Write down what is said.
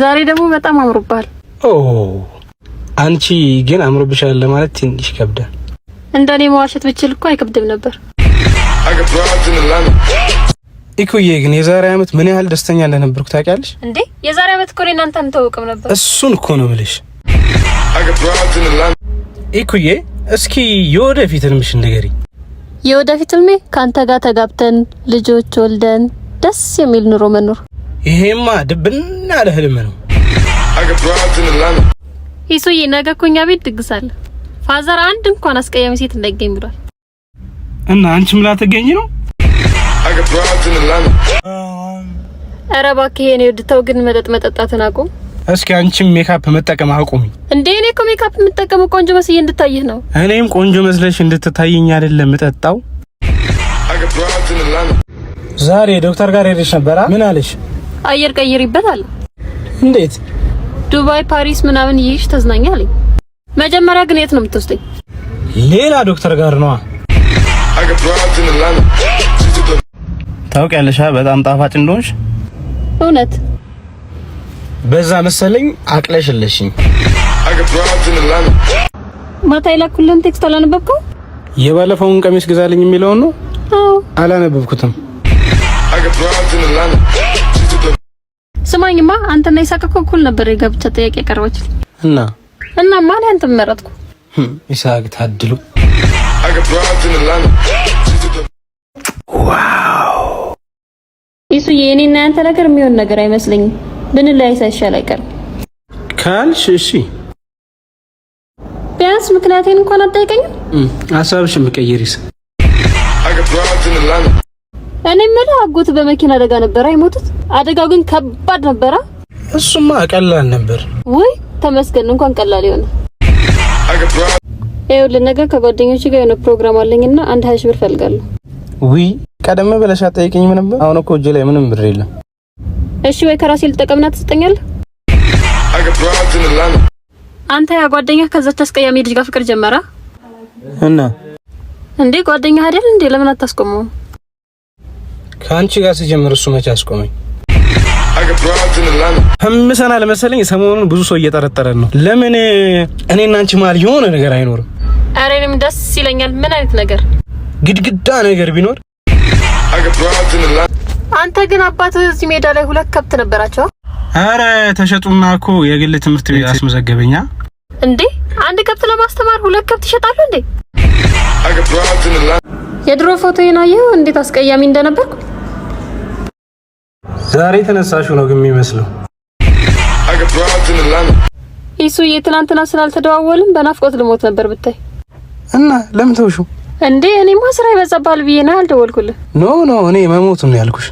ዛሬ ደግሞ በጣም አምሮብሃል። ኦ አንቺ ግን አምሮብሻል ለማለት ትንሽ ይከብዳል። እንደኔ መዋሸት ብችል እኮ አይከብድም ነበር። ኢኩዬ ግን የዛሬ አመት ምን ያህል ደስተኛ እንደነበርኩ ታውቂያለሽ እንዴ? የዛሬ አመት እኮ እናንተ አንተ ነበር። እሱን እኮ ነው የምልሽ። ኢኩዬ እስኪ የወደፊት ህልምሽ ንገሪኝ። የወደፊት ህልሜ ከአንተ ጋር ተጋብተን ልጆች ወልደን ደስ የሚል ኑሮ መኖር ይሄማ ድብና ያለ ህልም ነው። ይሱዬ ነገ እኮ እኛ ቤት ድግስ አለ። ፋዘር አንድ እንኳን አስቀያሚ ሴት እንዳይገኝ ብሏል። እና አንቺ ምላ ላትገኝ ነው? ኧረ እባክህ የኔ ውድ ተው ግን መጠጥ መጠጣትን አቁም። እስኪ አንቺም ሜካፕ መጠቀም አቁሚ። እንዴ እኔ እኮ ሜካፕ የምጠቀመው ቆንጆ መስዬ እንድታይህ ነው። እኔም ቆንጆ መስለሽ እንድትታይኝ አይደለም እጠጣው። ዛሬ ዶክተር ጋር ሄደሽ ነበር? ምን አለሽ? አየር ቀይሪበታል። እንዴት? ዱባይ፣ ፓሪስ ምናምን ይሽ ተዝናኛ መጀመሪያ ግን የት ነው የምትወስደኝ? ሌላ ዶክተር ጋር ነዋ። ታውቂያለሽ በጣም ጣፋጭ እንደሆንሽ። እውነት በዛ መሰለኝ አቅለሽለሽኝ። ማታ የላኩልን ቴክስት አላነበብከው? የባለፈውን ቀሚስ ግዛልኝ የሚለውን ነው። አላነበብኩትም። ስማኝማ አንተና ይሳቅ እኮ እኩል ነበር የጋብቻ ጥያቄ ያቀረበችልኝ። እና እና ማን አንተ መረጥኩ። ይሳቅ ታድሉ። ዋው የኔ እና ያንተ ነገር የሚሆን ነገር አይመስለኝም። ብንለያይ ሳይሻል አይቀርም ካልሽ እሺ። ቢያንስ ምክንያቴን እንኳን አጠይቀኝም። ሀሳብሽ ምቀይሪስ እኔ የምልህ አጎት በመኪና አደጋ ነበር አይሞቱት? አደጋው ግን ከባድ ነበረ። እሱማ ቀላል ነበር ወይ? ተመስገን እንኳን ቀላል የሆነ ይኸውልህ፣ ነገ ከጓደኞች ጋር የሆነ ፕሮግራም አለኝና አንድ ሀያ ሺህ ብር ፈልጋለሁ። ውይ ቀደም ብለሽ አትጠይቂኝም ነበር? አሁን እኮ እጄ ላይ ምንም ብር የለም። እሺ ወይ ከራሴ ልጠቀምና ትሰጠኛለህ? አንተ ያ ጓደኛህ ከዛች አስቀያሚ ልጅ ጋር ፍቅር ጀመረ እና እንዴ ጓደኛህ አይደል እንዴ? ለምን አታስቆመውም? ከአንቺ ጋር ስጀምር እሱ መቼ አስቆመኝ? ህምሰናል መሰለኝ። ሰሞኑን ብዙ ሰው እየጠረጠረን ነው። ለምን እኔና አንቺ መሀል የሆነ ነገር አይኖርም? ኧረ እኔም ደስ ይለኛል። ምን አይነት ነገር? ግድግዳ ነገር ቢኖር። አንተ ግን አባት እዚህ ሜዳ ላይ ሁለት ከብት ነበራቸው። አረ ተሸጡና እኮ የግል ትምህርት ቤት አስመዘገበኛ። እንዴ አንድ ከብት ለማስተማር ሁለት ከብት ይሸጣሉ እንዴ? የድሮ ፎቶ ይናየው እንዴት አስቀያሚ እንደነበርኩ ዛሬ ተነሳሹ ነው ግን የሚመስለው። ኢሱዬ ትናንትና ስላልተደዋወልን በናፍቆት ልሞት ነበር ብታይ። እና ለምን ተውሹ እንዴ? እኔማ ስራ ይበዛባል ብዬ ነው ያልደወልኩልህ። ኖ ኖ እኔ መሞት ነው ያልኩሽ።